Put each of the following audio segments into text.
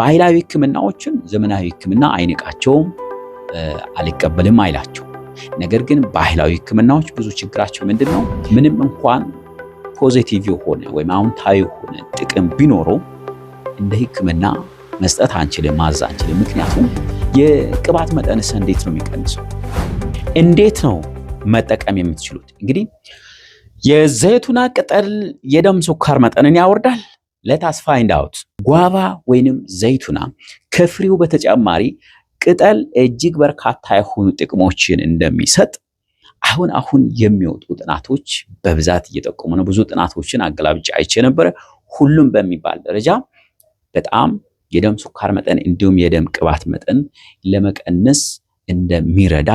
ባህላዊ ህክምናዎችን ዘመናዊ ህክምና አይንቃቸውም፣ አልቀበልም አይላቸው። ነገር ግን ባህላዊ ህክምናዎች ብዙ ችግራቸው ምንድን ነው? ምንም እንኳን ፖዚቲቭ የሆነ ወይም አውንታዊ የሆነ ጥቅም ቢኖረው እንደ ህክምና መስጠት አንችልም፣ ማዛ አንችልም። ምክንያቱም የቅባት መጠንስ እንዴት ነው የሚቀንሰው? እንዴት ነው መጠቀም የምትችሉት? እንግዲህ የዘይቱና ቅጠል የደም ስኳር መጠንን ያወርዳል። ለታስ ፋይንድ አውት ጓቫ ወይንም ዘይቱና ከፍሬው በተጨማሪ ቅጠል እጅግ በርካታ የሆኑ ጥቅሞችን እንደሚሰጥ አሁን አሁን የሚወጡ ጥናቶች በብዛት እየጠቆሙ ነው። ብዙ ጥናቶችን አገላብጬ አይቼ ነበረ። ሁሉም በሚባል ደረጃ በጣም የደም ስኳር መጠን እንዲሁም የደም ቅባት መጠን ለመቀነስ እንደሚረዳ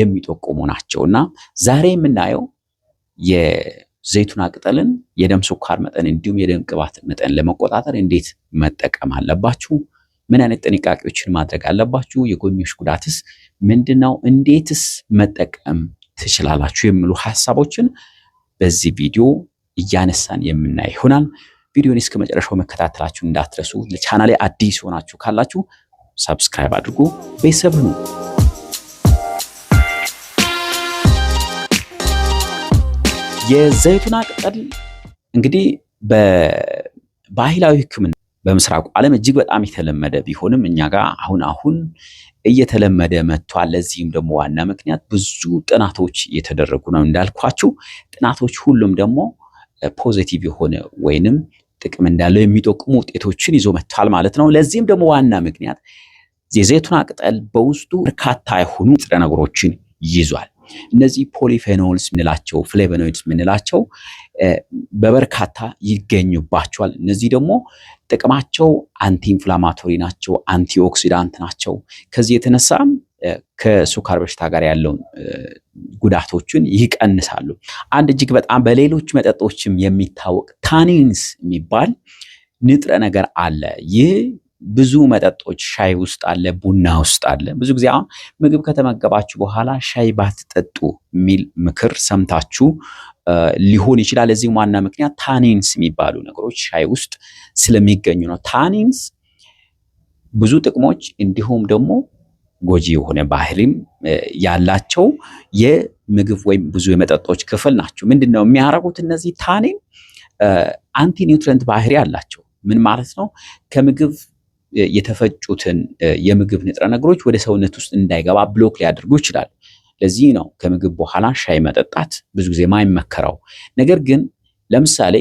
የሚጠቁሙ ናቸውና ዛሬ የምናየው ዘይቱና ቅጠልን የደም ስኳር መጠን እንዲሁም የደም ቅባት መጠን ለመቆጣጠር እንዴት መጠቀም አለባችሁ? ምን አይነት ጥንቃቄዎችን ማድረግ አለባችሁ? የጎንዮሽ ጉዳትስ ምንድነው? እንዴትስ መጠቀም ትችላላችሁ? የሚሉ ሀሳቦችን በዚህ ቪዲዮ እያነሳን የምናይ ይሆናል። ቪዲዮን እስከ መጨረሻው መከታተላችሁ እንዳትረሱ። ለቻናሌ አዲስ ሆናችሁ ካላችሁ ሰብስክራይብ አድርጉ፣ ቤተሰብ የዘይቱና ቅጠል እንግዲህ በባህላዊ ሕክምና በምስራቁ ዓለም እጅግ በጣም የተለመደ ቢሆንም እኛ ጋር አሁን አሁን እየተለመደ መጥቷል። ለዚህም ደግሞ ዋና ምክንያት ብዙ ጥናቶች እየተደረጉ ነው እንዳልኳችሁ። ጥናቶች ሁሉም ደግሞ ፖዚቲቭ የሆነ ወይንም ጥቅም እንዳለው የሚጠቁሙ ውጤቶችን ይዞ መጥቷል ማለት ነው። ለዚህም ደግሞ ዋና ምክንያት የዘይቱና ቅጠል በውስጡ በርካታ የሆኑ ንጥረ ነገሮችን ይዟል። እነዚህ ፖሊፌኖልስ የምንላቸው ፍሌቨኖይድስ የምንላቸው በበርካታ ይገኙባቸዋል። እነዚህ ደግሞ ጥቅማቸው አንቲ ኢንፍላማቶሪ ናቸው፣ አንቲ ኦክሲዳንት ናቸው። ከዚህ የተነሳ ከሱካር በሽታ ጋር ያለውን ጉዳቶችን ይቀንሳሉ። አንድ እጅግ በጣም በሌሎች መጠጦችም የሚታወቅ ታኒንስ የሚባል ንጥረ ነገር አለ። ይህ ብዙ መጠጦች ሻይ ውስጥ አለ፣ ቡና ውስጥ አለ። ብዙ ጊዜ አሁን ምግብ ከተመገባችሁ በኋላ ሻይ ባትጠጡ የሚል ምክር ሰምታችሁ ሊሆን ይችላል። እዚህ ዋና ምክንያት ታኒንስ የሚባሉ ነገሮች ሻይ ውስጥ ስለሚገኙ ነው። ታኒንስ ብዙ ጥቅሞች እንዲሁም ደግሞ ጎጂ የሆነ ባህሪም ያላቸው የምግብ ወይም ብዙ የመጠጦች ክፍል ናቸው። ምንድን ነው የሚያደርጉት? እነዚህ ታኒን አንቲ ባህሪ አላቸው። ምን ማለት ነው? ከምግብ የተፈጩትን የምግብ ንጥረ ነገሮች ወደ ሰውነት ውስጥ እንዳይገባ ብሎክ ሊያደርጉ ይችላል። ለዚህ ነው ከምግብ በኋላ ሻይ መጠጣት ብዙ ጊዜ ማይመከረው። ነገር ግን ለምሳሌ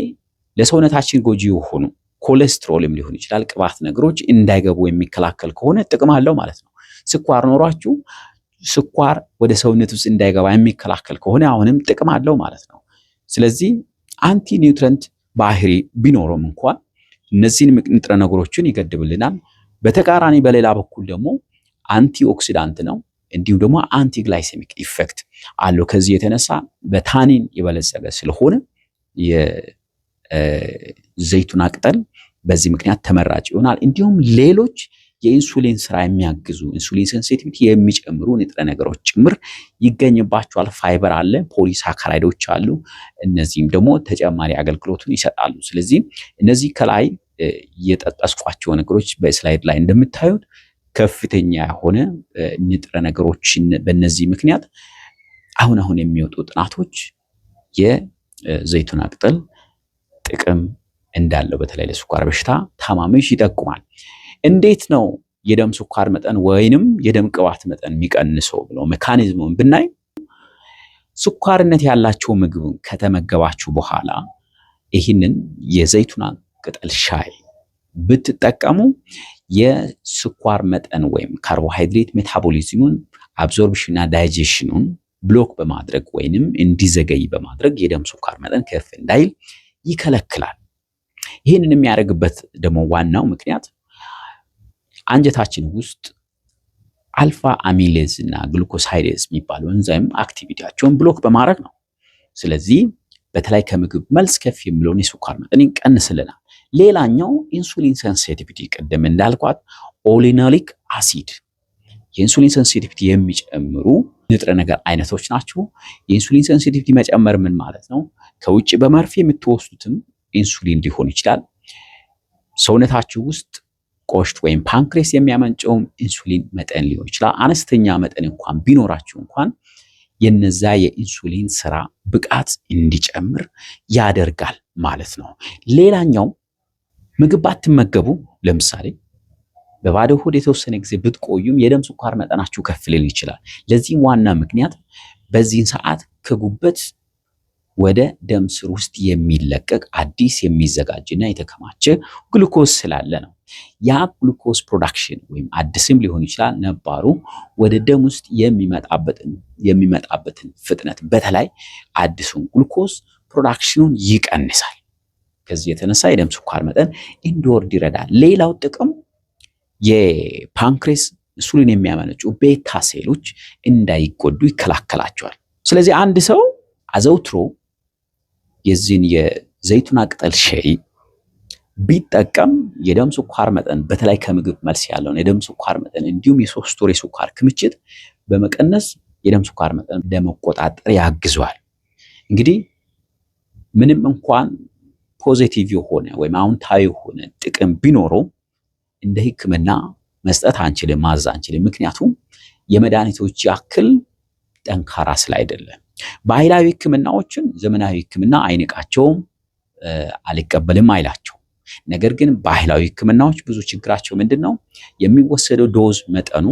ለሰውነታችን ጎጂ የሆኑ ኮሌስትሮልም ሊሆን ይችላል ቅባት ነገሮች እንዳይገቡ የሚከላከል ከሆነ ጥቅም አለው ማለት ነው። ስኳር ኖሯችሁ ስኳር ወደ ሰውነት ውስጥ እንዳይገባ የሚከላከል ከሆነ አሁንም ጥቅም አለው ማለት ነው። ስለዚህ አንቲ ኒውትረንት ባህሪ ቢኖረውም እንኳን እነዚህን ንጥረ ነገሮችን ይገድብልናል። በተቃራኒ በሌላ በኩል ደግሞ አንቲ ኦክሲዳንት ነው፣ እንዲሁም ደግሞ አንቲ ግላይሴሚክ ኢፌክት አለው። ከዚህ የተነሳ በታኒን የበለጸገ ስለሆነ የዘይቱን ቅጠል በዚህ ምክንያት ተመራጭ ይሆናል። እንዲሁም ሌሎች የኢንሱሊን ስራ የሚያግዙ ኢንሱሊን ሴንሲቲቪቲ የሚጨምሩ ንጥረ ነገሮች ጭምር ይገኝባቸዋል። ፋይበር አለ፣ ፖሊሳካራይዶች አሉ። እነዚህም ደግሞ ተጨማሪ አገልግሎቱን ይሰጣሉ። ስለዚህ እነዚህ ከላይ የጠቀስኳቸው ነገሮች በስላይድ ላይ እንደምታዩት ከፍተኛ የሆነ ንጥረ ነገሮችን በእነዚህ ምክንያት አሁን አሁን የሚወጡ ጥናቶች የዘይቱና ቅጠል ጥቅም እንዳለው በተለይ ለስኳር በሽታ ታማሚዎች ይጠቁማል። እንዴት ነው የደም ስኳር መጠን ወይንም የደም ቅባት መጠን የሚቀንሰው ብሎ ሜካኒዝሙን ብናይ ስኳርነት ያላቸው ምግብን ከተመገባችሁ በኋላ ይህንን የዘይቱና ቅጠል ሻይ ብትጠቀሙ የስኳር መጠን ወይም ካርቦሃይድሬት ሜታቦሊዝሙን አብዞርብሽንና ዳይጀሽኑን ብሎክ በማድረግ ወይንም እንዲዘገይ በማድረግ የደም ስኳር መጠን ከፍ እንዳይል ይከለክላል። ይህንን የሚያደርግበት ደግሞ ዋናው ምክንያት አንጀታችን ውስጥ አልፋ አሚሌዝ እና ግሉኮሳይዴዝ የሚባለው ኤንዛይም አክቲቪቲያቸውን ብሎክ በማድረግ ነው። ስለዚህ በተለይ ከምግብ መልስ ከፍ የሚለውን የስኳር መጠን ይቀንስልናል። ሌላኛው ኢንሱሊን ሴንሲቲቪቲ ቅድም እንዳልኳት ኦሊኖሊክ አሲድ የኢንሱሊን ሴንሲቲቪቲ የሚጨምሩ ንጥረ ነገር አይነቶች ናቸው። የኢንሱሊን ሴንሲቲቪቲ መጨመር ምን ማለት ነው? ከውጭ በመርፌ የምትወስዱትም ኢንሱሊን ሊሆን ይችላል። ሰውነታችሁ ውስጥ ቆሽት ወይም ፓንክሬስ የሚያመንጨውም ኢንሱሊን መጠን ሊሆን ይችላል። አነስተኛ መጠን እንኳን ቢኖራችሁ እንኳን የነዛ የኢንሱሊን ስራ ብቃት እንዲጨምር ያደርጋል ማለት ነው። ሌላኛው ምግብ ባትመገቡ ለምሳሌ በባዶ ሆድ የተወሰነ ጊዜ ብትቆዩም የደም ስኳር መጠናችሁ ከፍ ሊል ይችላል። ለዚህም ዋና ምክንያት በዚህን ሰዓት ከጉበት ወደ ደም ስር ውስጥ የሚለቀቅ አዲስ የሚዘጋጅና የተከማቸ ግሉኮስ ስላለ ነው። ያ ግሉኮስ ፕሮዳክሽን ወይም አዲስም ሊሆን ይችላል ነባሩ ወደ ደም ውስጥ የሚመጣበትን ፍጥነት በተለይ አዲሱን ግሉኮስ ፕሮዳክሽኑን ይቀንሳል። ከዚህ የተነሳ የደም ስኳር መጠን እንዲወርድ ይረዳል። ሌላው ጥቅም የፓንክሬስ ኢንሱሊን የሚያመነጩ ቤታ ሴሎች እንዳይጎዱ ይከላከላቸዋል። ስለዚህ አንድ ሰው አዘውትሮ የዚህን የዘይቱና ቅጠል ሻይ ቢጠቀም የደም ስኳር መጠን በተለይ ከምግብ መልስ ያለውን የደም ስኳር መጠን እንዲሁም የሶስት ወር የስኳር ክምችት በመቀነስ የደም ስኳር መጠን ለመቆጣጠር ያግዘዋል። እንግዲህ ምንም እንኳን ፖዚቲቭ የሆነ ወይም አውንታዊ የሆነ ጥቅም ቢኖረው እንደ ሕክምና መስጠት አንችልም፣ ማዛ አንችልም። ምክንያቱም የመድኃኒቶች ያክል ጠንካራ ስላይደለም። ባህላዊ ህክምናዎችን ዘመናዊ ህክምና አይንቃቸውም፣ አልቀበልም አይላቸው። ነገር ግን ባህላዊ ህክምናዎች ብዙ ችግራቸው ምንድን ነው? የሚወሰደው ዶዝ መጠኑ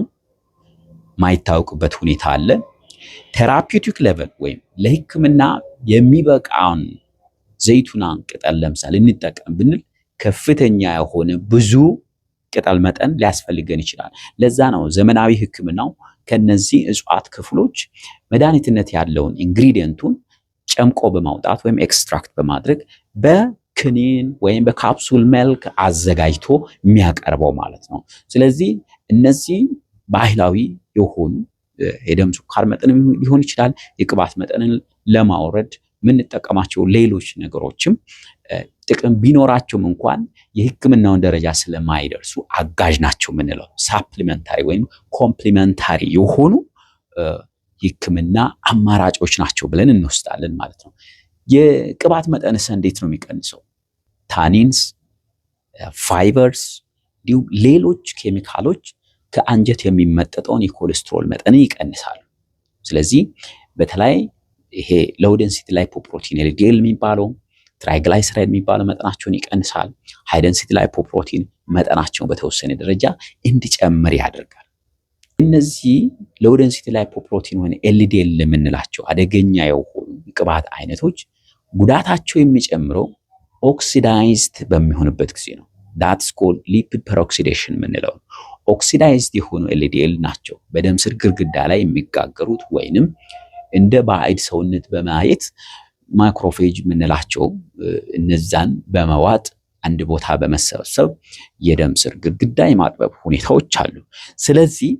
ማይታወቅበት ሁኔታ አለ። ቴራፒውቲክ ሌቨል ወይም ለህክምና የሚበቃውን ዘይቱናን ቅጠል ለምሳሌ እንጠቀም ብንል ከፍተኛ የሆነ ብዙ ቅጠል መጠን ሊያስፈልገን ይችላል። ለዛ ነው ዘመናዊ ህክምናው ከነዚህ እጽዋት ክፍሎች መድኃኒትነት ያለውን ኢንግሪዲየንቱን ጨምቆ በማውጣት ወይም ኤክስትራክት በማድረግ በክኒን ወይም በካፕሱል መልክ አዘጋጅቶ የሚያቀርበው ማለት ነው። ስለዚህ እነዚህ ባህላዊ የሆኑ የደም ስኳር መጠን ሊሆን ይችላል፣ የቅባት መጠንን ለማውረድ የምንጠቀማቸው ሌሎች ነገሮችም ጥቅም ቢኖራቸውም እንኳን የህክምናውን ደረጃ ስለማይደርሱ አጋዥ ናቸው የምንለው ሳፕሊመንታሪ ወይም ኮምፕሊመንታሪ የሆኑ የህክምና አማራጮች ናቸው ብለን እንወስዳለን ማለት ነው። የቅባት መጠንስ እንዴት ነው የሚቀንሰው? ታኒንስ፣ ፋይበርስ እንዲሁም ሌሎች ኬሚካሎች ከአንጀት የሚመጠጠውን የኮሌስትሮል መጠን ይቀንሳሉ። ስለዚህ በተለይ ይሄ ሎው ላይፖፕሮቲን ኤልዲኤል የሚባለው ትራይግላይሰራይድ የሚባለው መጠናቸውን ይቀንሳል። ሃይደንሲቲ ላይፖፕሮቲን መጠናቸውን በተወሰነ ደረጃ እንዲጨምር ያደርጋል። እነዚህ ሎውደንሲቲ ላይፖፕሮቲን ወይ ኤልዲኤል የምንላቸው አደገኛ የሆኑ ቅባት አይነቶች ጉዳታቸው የሚጨምረው ኦክሲዳይዝድ በሚሆንበት ጊዜ ነው። ዳትስ ኮል ሊፒድ ፐሮክሲዴሽን የምንለው ኦክሲዳይዝድ የሆኑ ኤልዲኤል ናቸው። በደም ስር ግርግዳ ላይ የሚጋገሩት ወይንም እንደ ባዕድ ሰውነት በማየት ማክሮፌጅ የምንላቸው እነዛን በመዋጥ አንድ ቦታ በመሰብሰብ የደም ስር ግድግዳ የማጥበብ ሁኔታዎች አሉ። ስለዚህ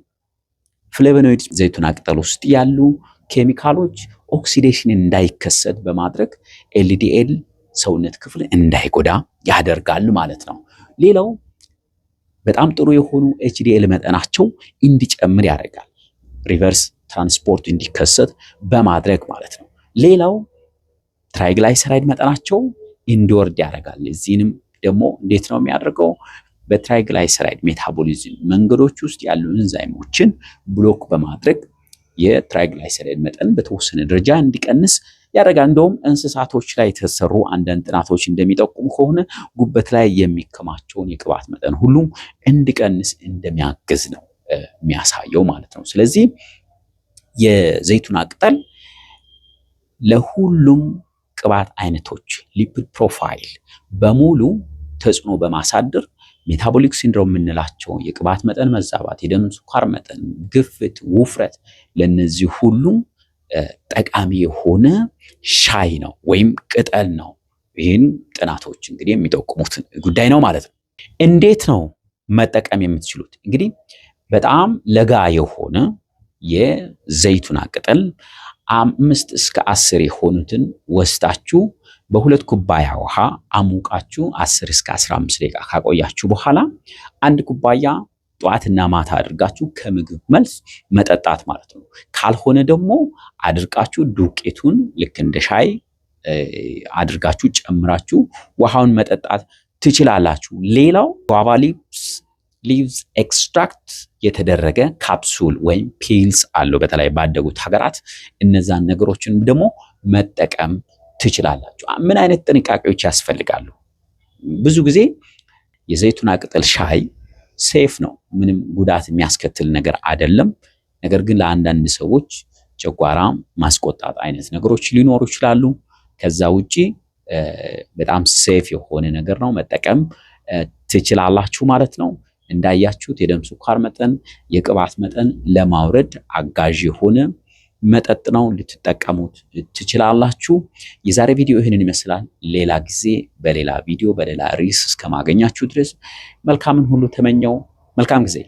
ፍሌቨኖይድ ዘይቱና ቅጠል ውስጥ ያሉ ኬሚካሎች ኦክሲዴሽን እንዳይከሰት በማድረግ ኤልዲኤል ሰውነት ክፍል እንዳይጎዳ ያደርጋሉ ማለት ነው። ሌላው በጣም ጥሩ የሆኑ ኤችዲኤል መጠናቸው እንዲጨምር ያደርጋል። ሪቨርስ ትራንስፖርት እንዲከሰት በማድረግ ማለት ነው። ሌላው ትራይግላይሰራይድ መጠናቸው ኢንዶርድ ያደርጋል። እዚህንም ደግሞ እንዴት ነው የሚያደርገው? በትራይግላይሰራይድ ሜታቦሊዝም መንገዶች ውስጥ ያሉ ኢንዛይሞችን ብሎክ በማድረግ የትራይግላይሰራይድ መጠን በተወሰነ ደረጃ እንዲቀንስ ያደርጋል። እንደውም እንስሳቶች ላይ የተሰሩ አንዳንድ ጥናቶች እንደሚጠቁም ከሆነ ጉበት ላይ የሚከማቸውን የቅባት መጠን ሁሉም እንዲቀንስ እንደሚያግዝ ነው የሚያሳየው ማለት ነው። ስለዚህ የዘይቱና ቅጠል ለሁሉም ቅባት አይነቶች ሊፒድ ፕሮፋይል በሙሉ ተጽዕኖ በማሳደር ሜታቦሊክ ሲንድሮም የምንላቸው የቅባት መጠን መዛባት፣ የደም ስኳር መጠን፣ ግፍት፣ ውፍረት ለነዚህ ሁሉ ጠቃሚ የሆነ ሻይ ነው ወይም ቅጠል ነው። ይህን ጥናቶች እንግዲህ የሚጠቁሙት ጉዳይ ነው ማለት ነው። እንዴት ነው መጠቀም የምትችሉት? እንግዲህ በጣም ለጋ የሆነ የዘይቱና ቅጠል አምስት እስከ አስር የሆኑትን ወስዳችሁ በሁለት ኩባያ ውሃ አሙቃችሁ 10 እስከ 15 ደቂቃ ካቆያችሁ በኋላ አንድ ኩባያ ጠዋትና ማታ አድርጋችሁ ከምግብ መልስ መጠጣት ማለት ነው። ካልሆነ ደግሞ አድርቃችሁ ዱቄቱን ልክ እንደ ሻይ አድርጋችሁ ጨምራችሁ ውሃውን መጠጣት ትችላላችሁ። ሌላው ጓቫ ሊፕስ ሊቭዝ ኤክስትራክት የተደረገ ካፕሱል ወይም ፒልስ አሉ። በተለይ ባደጉት ሀገራት እነዛን ነገሮችን ደግሞ መጠቀም ትችላላችሁ። ምን አይነት ጥንቃቄዎች ያስፈልጋሉ? ብዙ ጊዜ የዘይቱና ቅጠል ሻይ ሴፍ ነው፣ ምንም ጉዳት የሚያስከትል ነገር አይደለም። ነገር ግን ለአንዳንድ ሰዎች ጨጓራ ማስቆጣት አይነት ነገሮች ሊኖሩ ይችላሉ። ከዛ ውጪ በጣም ሴፍ የሆነ ነገር ነው፣ መጠቀም ትችላላችሁ ማለት ነው። እንዳያችሁት የደም ስኳር መጠን፣ የቅባት መጠን ለማውረድ አጋዥ የሆነ መጠጥ ነው። ልትጠቀሙት ትችላላችሁ። የዛሬ ቪዲዮ ይህንን ይመስላል። ሌላ ጊዜ በሌላ ቪዲዮ በሌላ ርዕስ እስከማገኛችሁ ድረስ መልካምን ሁሉ ተመኘው። መልካም ጊዜ